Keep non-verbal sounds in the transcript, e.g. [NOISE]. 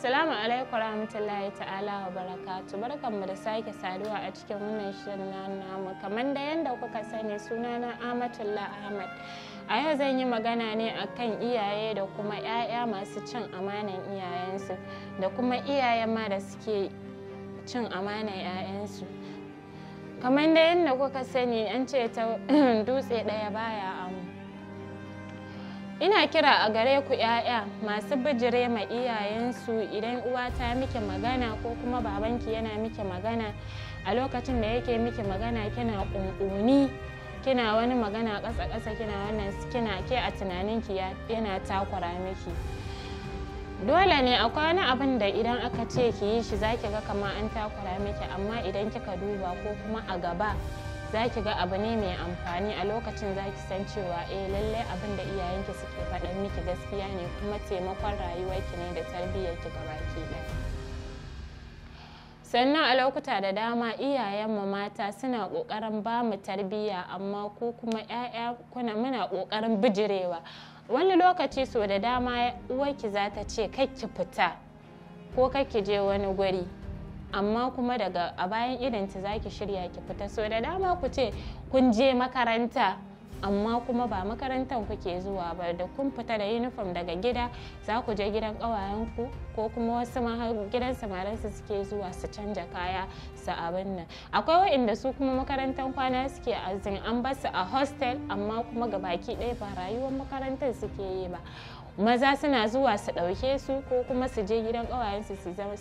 Assalamu alaikum rahmatullahi ta'ala wa barakatu barkanmu da sake saduwa a cikin wannan shirin namu kamar da yadda kuka sani sunana Amatullah Ahmad a yau zan yi magana ne akan iyaye da kuma 'ya'ya masu cin amanan iyayensu da kuma iyayen ma da suke cin amanan 'ya'yansu kamar da yadda kuka sani an ce ta [CLEARS THROAT] dutse ɗaya baya amu Ina kira a gare ku ‘ya'ya masu bijire ma iyayensu idan uwa ta miki magana ko kuma babanki yana miki magana a lokacin da yake miki magana kina ƙunƙuni kina wani magana ƙasa-ƙasa kina wannan kina ke a tunaninki yana takura miki. Dole ne akwai wani abin da idan aka ce ki yi shi zaki ga kama an takura miki amma idan kika duba ko kuma a gaba za ki ga abu ne mai amfani a lokacin za ki san cewa eh lallai abin da iyayenki suke faɗan miki gaskiya ne kuma taimakon rayuwarki ne da tarbiyyarki gabaki ɗaya sannan a lokuta da dama iyayenmu mata suna ƙoƙarin ba mu tarbiyya amma ko kuma 'ya'ya kuna muna ƙoƙarin bijirewa wani lokaci so da dama uwarki za ta ce kai ki fita ko kai ki je wani guri amma kuma daga a bayan ta za ki shirya ki fita so da dama ku ce kun je makaranta amma kuma ba makarantar kuke zuwa ba da kun fita da uniform daga gida za ku je gidan ƙawayenku ko kuma wasu gidan su suke zuwa su canja kaya su abin nan akwai waɗanda su kuma makarantar kwana suke azin an basu a hostel amma kuma ga baki ɗaya ba rayuwar makarantar suke yi ba maza suna zuwa su ɗauke su ko kuma su je gidan ƙawayensu su zama